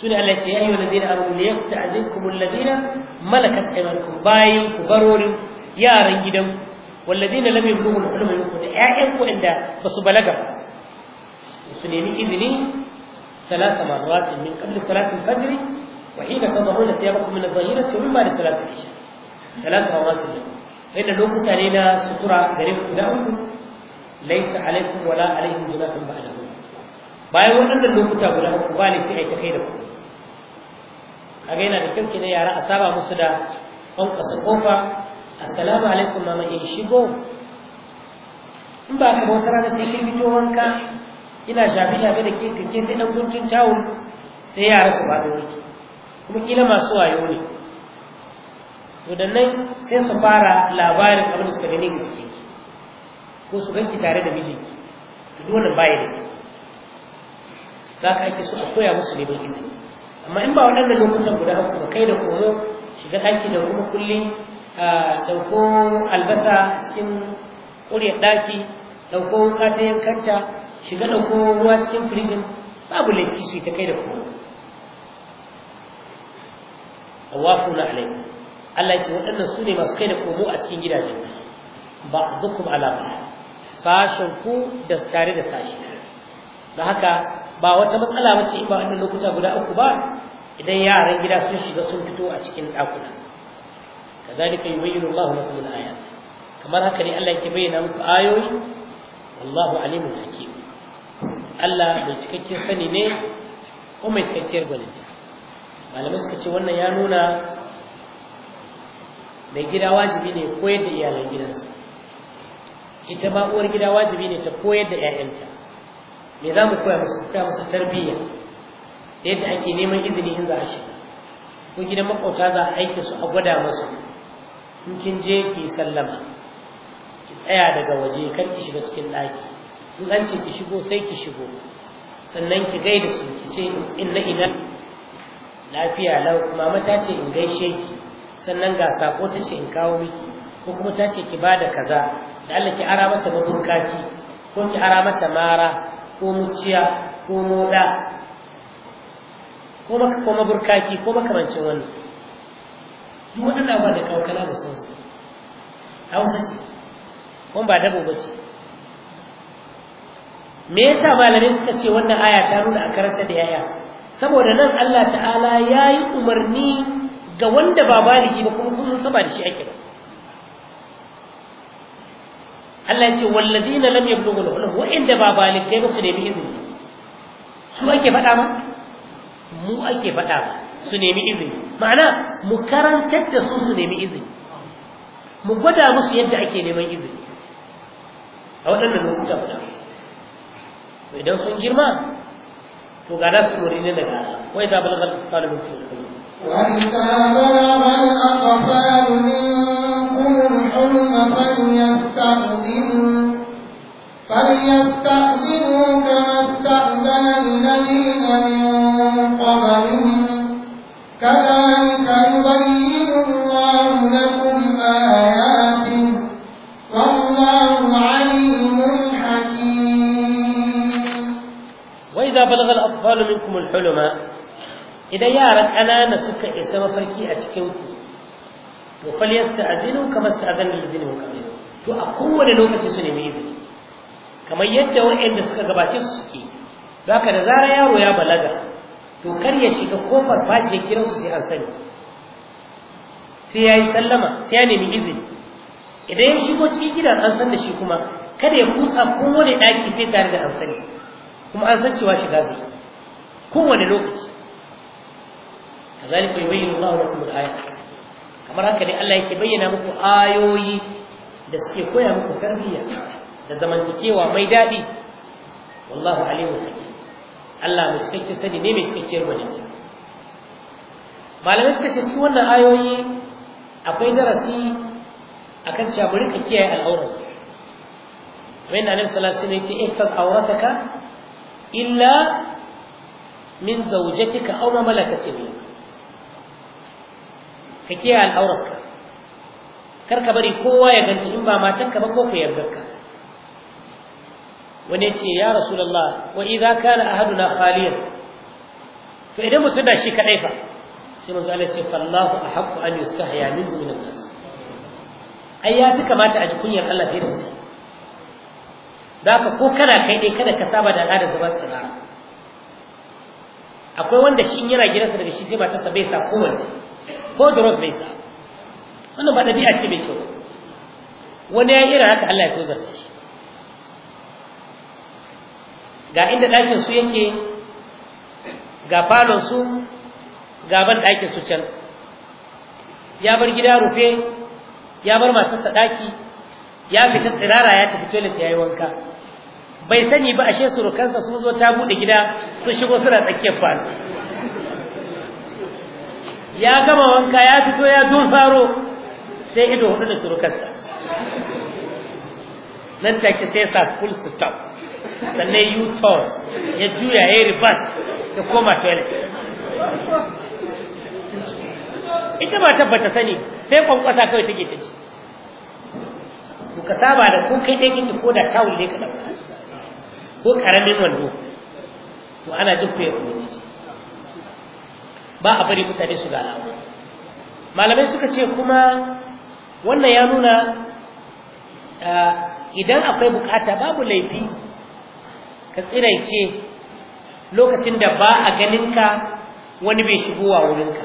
su ne Allah ya ce ya ayyuhal ladina amanu liyasta'dinkum alladina malakat aymanukum bayin ku barorin yaran gidanku والذين لم يبلغوا الحلم منكم اياكم عند basu balaga su nemi izini ثلاث مرات من قبل صلاة الفجر وحين تضعون ثيابكم من الظهيرة ومن بعد صلاة العشاء ثلاث مرات منه فإن لو كنت علينا سترة غريب لهم ليس عليكم ولا عليهم جناح بعدهم bayan waɗannan lokuta guda uku ba laifi ai ta kai da ku kaga yana da kyau kenan yara a saba musu da ƙwanƙwasa ƙofa assalamu alaikum mama in shigo in ba ka bautar da sai kin fito wanka Ina shafi shafi da ke kake sai dan guntun tawul sai ya rasa ba da wuri kuma kila masu wayo ne to da nan sai su fara labarin abin da suka gani ga jiki ko su ganki tare da mijinki to dole ba ya ki za ka ake su a koya musu ne neman izini amma in ba waɗannan lokutan guda uku ba kai da komo shiga ɗaki da kuma kullum ɗauko albasa cikin ƙuryar ɗaki ɗauko katayen yankanta shiga da ruwa cikin firijin babu laifi su yi ta kai da A wafu na alai Allah ya ce waɗannan su ne masu kai da komo a cikin gidajen ba zukum alama sashen ku da tare da sashi da haka ba wata matsala mace in ba wannan lokuta guda uku ba idan yaran gida sun shiga sun fito a cikin ɗakuna kazalika yubayyinu Allahu lakum al-ayat kamar haka ne Allah yake bayyana muku ayoyi wallahu alimu hakim Allah mai cikakken sani ne ko mai cikakkiyar gwaninta malamai suka ce wannan ya nuna mai gida wajibi ne koyar da iyalan gidansa ita ba uwar gida wajibi ne ta koyar da 'ya'yanta me za mu koya musu koya musu tarbiyya ta yadda ake neman izini in za a shiga ko gidan makwauta za a aike su a gwada musu in kin je ki sallama ki tsaya daga waje kar ki shiga cikin ɗaki in ki shigo sai ki shigo sannan ki gaida su ki ce inna ina lafiya lau mama ta ce in gaishe ki sannan ga sako ta ce in kawo miki ko kuma ta ce ki bada kaza da Allah ki ara mata maburkaki ko ki ara mata mara ko muciya ko moda ko maka ko maburkaki ko makamancin wannan duk waɗannan ba da kawakala da sun su hausa ce kuma ba dabo ba ce me yasa malamai suka ce wannan aya ta nuna a karanta da yaya saboda nan Allah ta'ala ya yi umarni ga wanda ba baligi ba kuma kun saba da shi ake ba Allah ya ce walladina lam yablughu al-hulum wa'inda ba baligai ba su nemi izini su ake faɗa ba mu ake faɗa ba su nemi izini ma'ana mu karantar da su su nemi izini mu gwada musu yadda ake neman izini a waɗannan lokuta guda idan sun girma to ga nasu dore ne daga wai da balagal qalu min ne, wa anta balagha al-aqfal minkum al-hulm falyastaqdimu yanalu min kuma huluma idan yaran ƙanana suka isa mafarki a cikin ku to kamar sa a alladhina min qablihim to a kowane lokaci su nemi izini kamar yadda waɗanda suka gabace su suke don da zarar yaro ya balaga to kar ya shiga kofar face kiran su sai an sani sai ya yi sallama sai ya nemi izini idan ya shigo cikin gidan an san da shi kuma kada ya kusa kowane ɗaki sai tare da an sani kuma an san cewa shiga zai kowane lokaci kazalika yubayyinu Allahu lakum al-ayat kamar haka ne Allah yake bayyana muku ayoyi da suke koya muku tarbiyya da zamantakewa mai daɗi wallahu alimu hakim Allah mai cikakken sani ne mai cikakkiyar gwaninta malamai suka ce cikin wannan ayoyi akwai darasi akan cewa mu ka kiyaye al'aurar kamar na nan sallallahu alaihi wasallam ya ce ihfaz awrataka illa min zawjatika aw ma malakat yamin ka kiyaye al'aurarka kar ka bari kowa ya ganci in ba matarka ba ko ku yardarka wani ce ya rasulullah wa idza kana ahaduna khaliyan to idan mutum da shi kadai fa sai manzo Allah ya ce fallahu ahqqu an yustahya minhu min an-nas ai ya fi kamata a ji kunyar Allah fiye da mutum ka ko kana kai dai kada ka saba da al'adar da ba ta akwai wanda shi yana gidansa daga shi sai matarsa bai sa ko wani ko drugs bai sa wannan ba ɗabi'a ce mai kyau wani ya yi irin haka Allah ya tozar shi ga inda ɗakin su yake ga falon su ga ban ɗakin su can ya bar gida rufe ya bar matarsa ɗaki ya fita tsirara ya tafi toilet ya yi wanka bai sani ba ashe surukansa sun zo ta bude gida sun shigo suna tsakiyar falo ya gama wanka ya fito ya dun faro sai ido hudu da surukansa nan take sai sa full stop sannan u-turn ya juya ya reverse ya koma toilet ita ba tabbata sani sai kwankwasa kawai take ta ku ka saba da ko kai ɗaya ko da tawul ne ka ɗauka ko karamin wando to ana jin koyar ubangiji ba a bari mutane su ba malamai suka ce kuma wannan ya nuna idan akwai bukata babu laifi ka tsiraice lokacin da ba a ganinka wani bai shigowa wurinka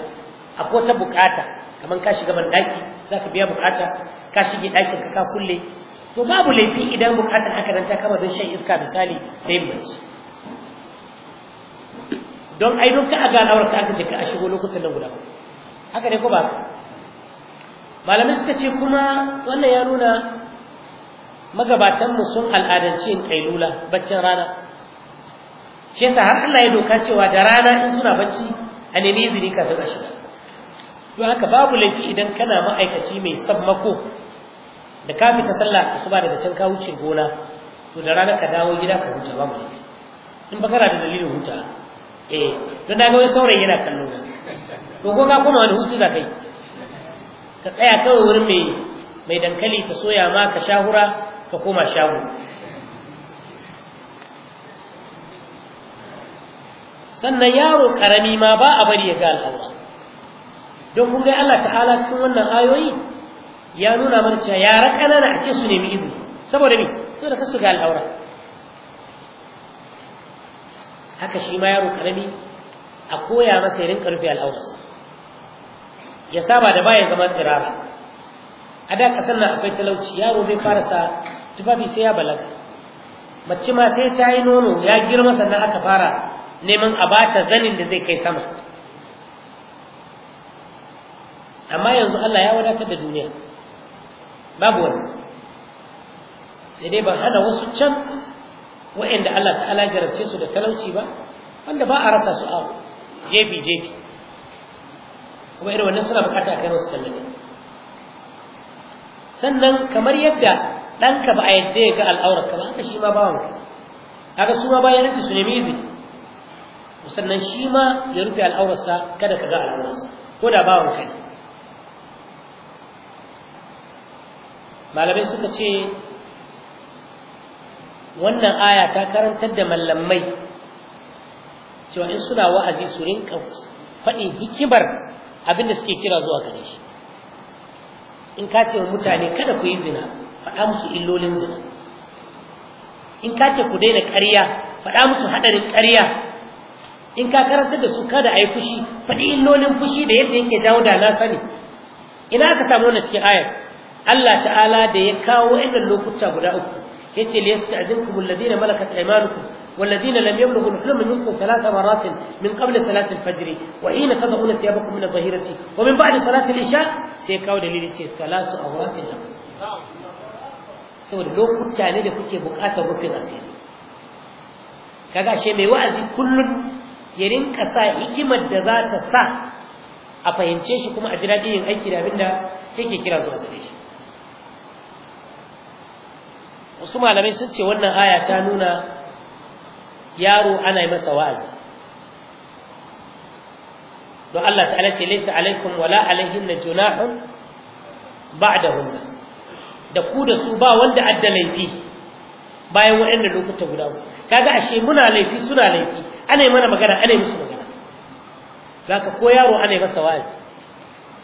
akwai wata bukata kamar ka shiga bandaki za ka biya bukata ka shige ɗakin ka kulle to babu laifi idan bukatar haka nan ta kama don shan iska misali da yin bacci don ai ka a ganawar ka aka ce ka a shigo lokutan nan guda haka ne ko ba Malamin suka ce kuma wannan ya nuna magabatanmu sun al'adance yin kailula baccin rana shi sa har Allah ya doka cewa da rana in suna bacci a nemi izini kafin a shiga don haka babu laifi idan kana ma'aikaci mai sammako da ka fita sallah ba daga can ka wuce gona to da rana ka dawo gida ka huta ba mu in ba kana da dalilin huta eh da daga wani saurayi yana kallo to ko ka koma wani hutu da kai ka tsaya kawai wurin mai mai dankali ta soya ma ka shahura ka koma shago sannan yaro karami ma ba a bari ya ga al'aura don kun ga Allah ta'ala cikin wannan ayoyi ya nuna mana cewa yara ƙanana a ce su nemi izini saboda me su ka kasu ga al'aura haka shi ma yaro karami a koya masa ya karfi rufe al'aurarsa ya saba da bayan zama tsirara a da ƙasar nan akwai talauci yaro bai fara sa tufafi sai ya balaga mace ma sai ta yi nono ya girma sannan aka fara neman a bata zanin da zai kai sama amma yanzu Allah ya wadatar da duniya babu wani sai dai ban hana wasu can wa'anda Allah ta'ala garabce su da talauci ba wanda ba a rasa su a jefi jefi kuma irin wannan suna bukata kai wasu tallafi sannan kamar yadda ɗanka ba a yadda ya ga al'aurarka ba haka shi ma bawan ka kaga su ma bayan su nemi izini sannan shi ma ya rufe al'aurarsa kada ka ga al'aurarsa ko da bawan ka ne malamai suka ce wannan aya ta karantar da mallamai cewa in suna wa'azi su rinka faɗin hikimar abinda suke kira zuwa gare shi in ka ce mutane kada ku yi zina faɗa musu illolin zina in ka ce ku daina ƙarya faɗa musu haɗarin ƙarya in ka karantar da su kada a yi fushi faɗi illolin fushi da yadda yake dawo da na sani ina aka samu wannan cikin ayar Allah ta'ala da ya kawo irin lokuta guda uku yace li yasta'dinkum alladhina malakat aymanukum walladhina lam yablughu al-hulma minkum thalatha maratin min qabl salati al-fajr wa hina tad'una thiyabakum min adh-dhahirati wa min ba'di salati al-isha sai kawo dalili ce salasu awratin lakum saboda lokuta ne da kuke buƙatar rufin asiri kaga she mai wa'azi kullum ya rinka sa hikimar da za ta sa a fahimce shi kuma a ji daɗin aiki da abin da yake kira zuwa wasu malamai sun ce wannan aya ta nuna yaro ana yi masa wa'azi don Allah ta'ala ce laisa alaikun wala alaihin na junahun ba da Da ku da su ba wanda adda laifi bayan waɗanda lokuta guda uku kaga ashe muna laifi suna laifi ana yi mana magana ana yi musu magana ka ko yaro ana yi masa wa'azi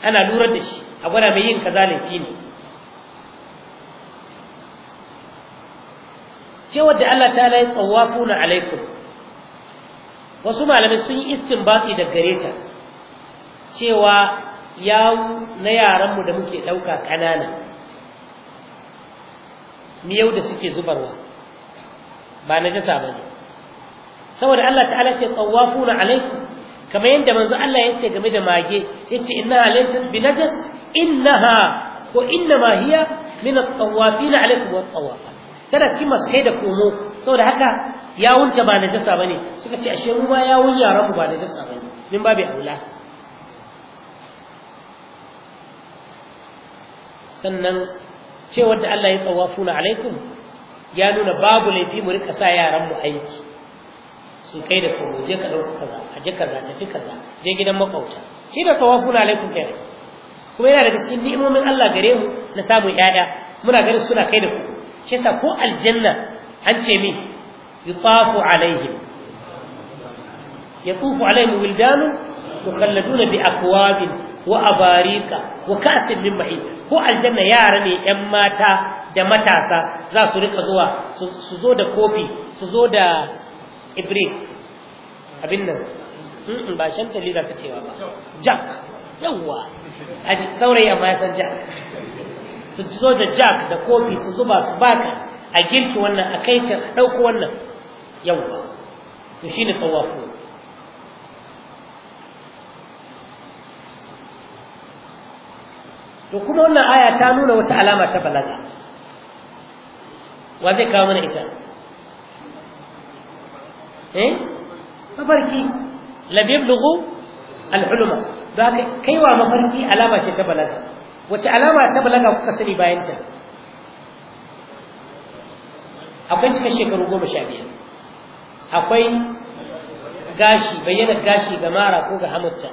ana lura da shi a gwada mai yin kaza laifi ne cewar da Allah ta lai tsawafuna alaikum wasu malamai sun yi baki da gareta cewa yawu na yaranmu da muke ɗauka ƙanana miyau da suke zubarwa ba na jasa ba ne saboda Allah ta'ala ce tsawafuna alaikum kamar yadda manzo Allah ya ce game da mage ya ce innaha laysat bi najas innaha ko innama hiya min at-tawafina alaikum wa tawafat tana cikin masu kai da komo saboda haka yawunta ba najasa ne suka ce ashe mu ma yawun yaran mu ba najasa ne min ba bai aula sannan cewar da Allah ya na alaikum ya nuna babu laifi mu rika sa yaran mu aiki su kai da komo je ka dauka kaza a je kaza tafi kaza je gidan makauta shi da na alaikum kai kuma yana daga cikin ni'imomin Allah gare mu na samun ƴaƴa muna ganin suna kai da komo shi yasa ko aljanna an ce min yutafu alaihim yatufu alaihim wildanun mukhalladuna bi akwabin wa abarika wa ka'sin min ma'i ko aljanna yara ne yan mata da matasa za su rika zuwa su zo da kofi su zo da ibrik abin nan ba shan talila ta cewa ba jack yawwa a saurayi amma ya san jack su zo da jack da kofi su zuba su baka a girki wannan a kai can a ɗauko wannan yawwa to shine tawafu to kuma wannan aya ta nuna wata alama ta balaga wa zai kawo mana ita eh mafarki labib lugu alhuluma da kai wa mafarki alama ce ta balaga wace alama ta balaga kuka sani bayan ta akwai cikin shekaru goma sha biyar akwai gashi bayyana gashi ga mara ko ga hamutta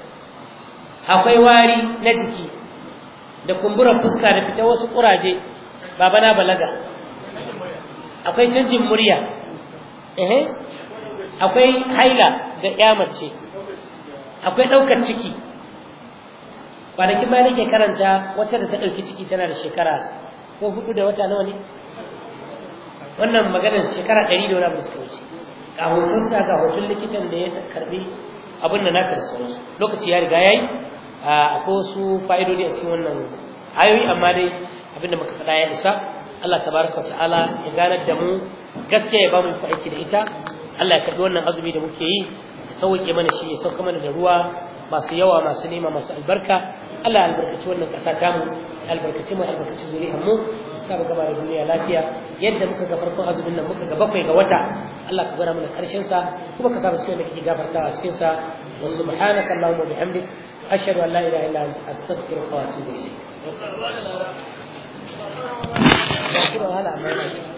akwai wari na jiki da kumburar fuska da fita wasu kuraje baba na balaga akwai canjin murya akwai haila da ce. akwai ɗaukar ciki kwanakin bayan nake karanta wata da ta ɗauki ciki tana da shekara ko hudu da wata nawa ne wannan maganar shekara ɗari da wani abu suka wuce ga hotunta ga hoton likitan da ya karbi abin da na karsu lokaci ya riga ya yi akwai wasu fa'idodi a cikin wannan ayoyi amma dai abin da muka faɗa ya isa Allah tabaraka ta'ala ya ganar da mu gaskiya ya ba mu aiki da ita Allah ya karbi wannan azumi da muke yi sauke mana shi ya sauka mana da ruwa masu yawa masu nema masu albarka Allah albarkaci wannan ƙasa ta mu albarkaci mu albarkaci zuriyar mu sa mu gaba da duniya lafiya yadda muka ga farkon azumin nan muka ga bakwai ga wata Allah ka gwada mana ƙarshen sa kuma ka sa mu cikin da kake gafartawa cikin sa wa subhanaka allahumma bihamdik ashhadu an la ilaha illa anta astaghfiruka wa atubu ilayk